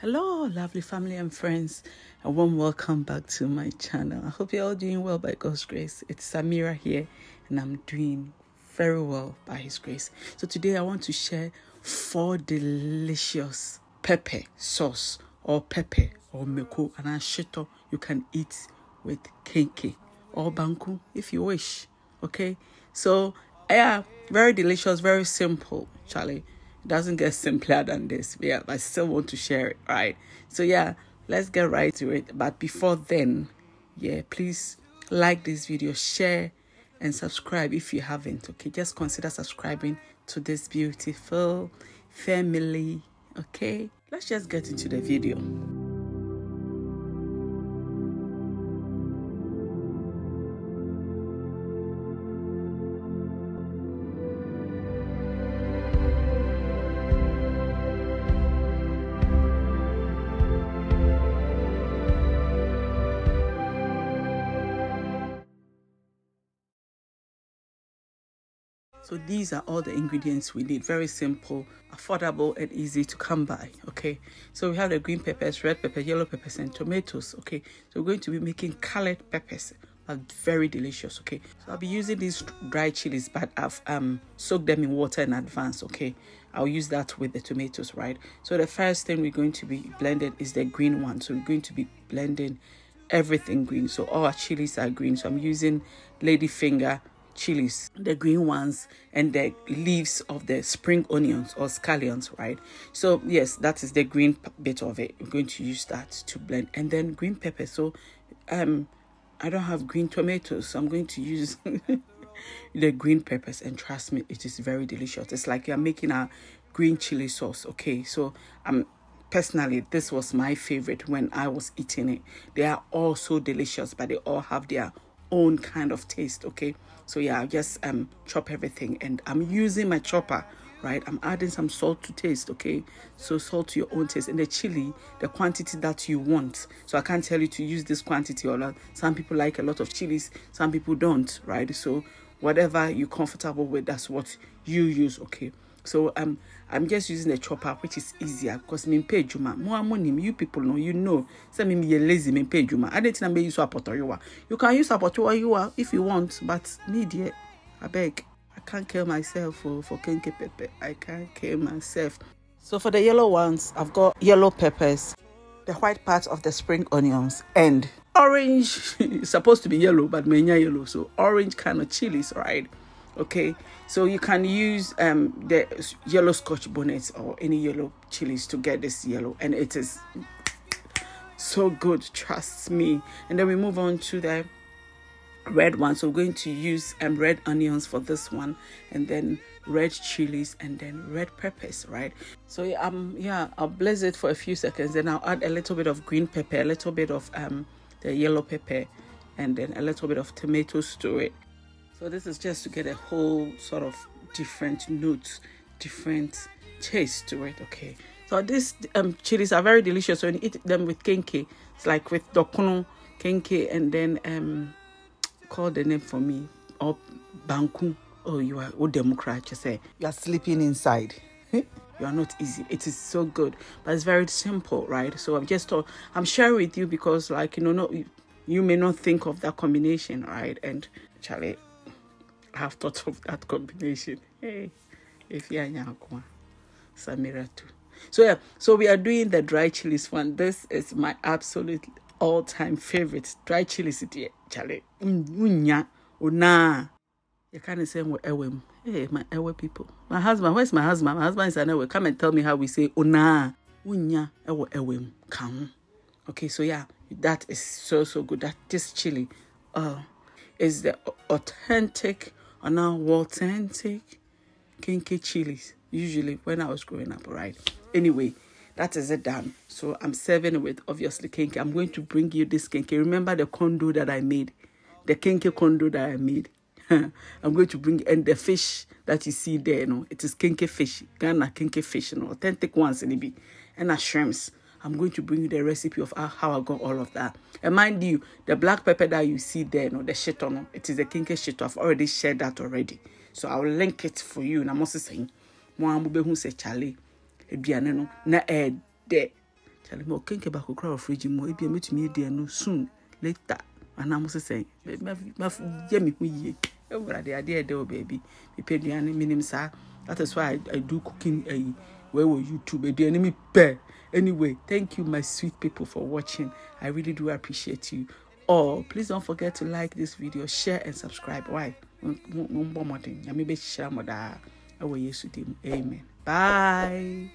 Hello, lovely family and friends. A warm welcome back to my channel. I hope you're all doing well by God's grace. It's Samira here, and I'm doing very well by His grace. So, today I want to share four delicious pepper sauce or pepper or meko and ashito you can eat with kenke or banku if you wish. Okay, so yeah, very delicious, very simple, Charlie doesn't get simpler than this. Yeah, I still want to share it, right? So yeah, let's get right to it. But before then, yeah, please like this video, share and subscribe if you haven't. Okay, just consider subscribing to this beautiful family. Okay, let's just get into the video. So these are all the ingredients we need. Very simple, affordable, and easy to come by. Okay. So we have the green peppers, red pepper, yellow peppers, and tomatoes. Okay. So we're going to be making colored peppers. very delicious. Okay. So I'll be using these dried chilies, but I've um soaked them in water in advance. Okay. I'll use that with the tomatoes, right? So the first thing we're going to be blending is the green one. So we're going to be blending everything green. So all our chilies are green. So I'm using ladyfinger chilies, the green ones, and the leaves of the spring onions or scallions, right? So yes, that is the green bit of it. I'm going to use that to blend. And then green pepper. So um, I don't have green tomatoes, so I'm going to use... the green peppers and trust me it is very delicious it's like you're making a green chili sauce okay so i'm um, personally this was my favorite when i was eating it they are all so delicious but they all have their own kind of taste okay so yeah i just um chop everything and i'm using my chopper right i'm adding some salt to taste okay so salt to your own taste and the chili the quantity that you want so i can't tell you to use this quantity or not some people like a lot of chilies some people don't right so whatever you're comfortable with that's what you use okay So um, I'm just using a chopper, which is easier because me pay juma. More money, you people know, you know. Say me me lazy, me pay juma. I didn't use apotoriwa. You can use apotoriwa if you want, but me dear, I beg. I can't kill myself for oh, for kenke pepper. I can't kill myself. So for the yellow ones, I've got yellow peppers, the white part of the spring onions, and orange. it's supposed to be yellow, but menya yellow, so orange kind of chilies, right? okay so you can use um, the yellow scotch bonnets or any yellow chilies to get this yellow and it is so good trust me and then we move on to the red one so we're going to use um, red onions for this one and then red chilies and then red peppers right so um yeah i'll blaze it for a few seconds then i'll add a little bit of green pepper a little bit of um the yellow pepper and then a little bit of tomatoes to it so this is just to get a whole sort of different notes, different taste to it. Okay. So these um, chilies are very delicious. So when you eat them with kenke, it's like with dokuno, kenke, and then um, call the name for me or banku. Oh, you are oh democrat. You say you are sleeping inside. you are not easy it is so good but it's very simple right so i'm just uh, i'm sharing with you because like you know no you may not think of that combination right and charlie have thought of that combination. Hey, if you are Samira too. So yeah, so we are doing the dry chilies one. This is my absolute all-time favorite dry chilies. Chale, unya, una. You can't say we ewem. Hey, my ewe people. My husband, where's my husband? My husband is an ewe. Come and tell me how we say una, unya, ewe ewem. Come. Okay, so yeah, that is so so good. That this chili, uh, is the authentic are now authentic kinky chilies, usually when I was growing up, right? Anyway, that is it done. So I'm serving with obviously kinky. I'm going to bring you this kinky. Remember the condo that I made, the kinky condo that I made. I'm going to bring and the fish that you see there, you know, it is kinky fish, Ghana kinky fish, you know, authentic ones, and be, and the shrimps. I'm going to bring you the recipe of how I got all of that. And mind you, the black pepper that you see there, no, the shito, no, it is the kinky shito. I've already shared that already. So I'll link it for you. And I'm also saying, mo be hu se chale. Ebiane no, na e de. Chale mo kinky bako kwa fridge mo. Ebi me tumi de no soon later. And I'm also saying, ma ma yemi hu ye. Ewurade ade ade o baby. Me peduane minim saa. That is why I, I do cooking uh, where will YouTube be the enemy bear? Anyway, thank you, my sweet people, for watching. I really do appreciate you. Oh, please don't forget to like this video, share, and subscribe. Why? Amen. Bye.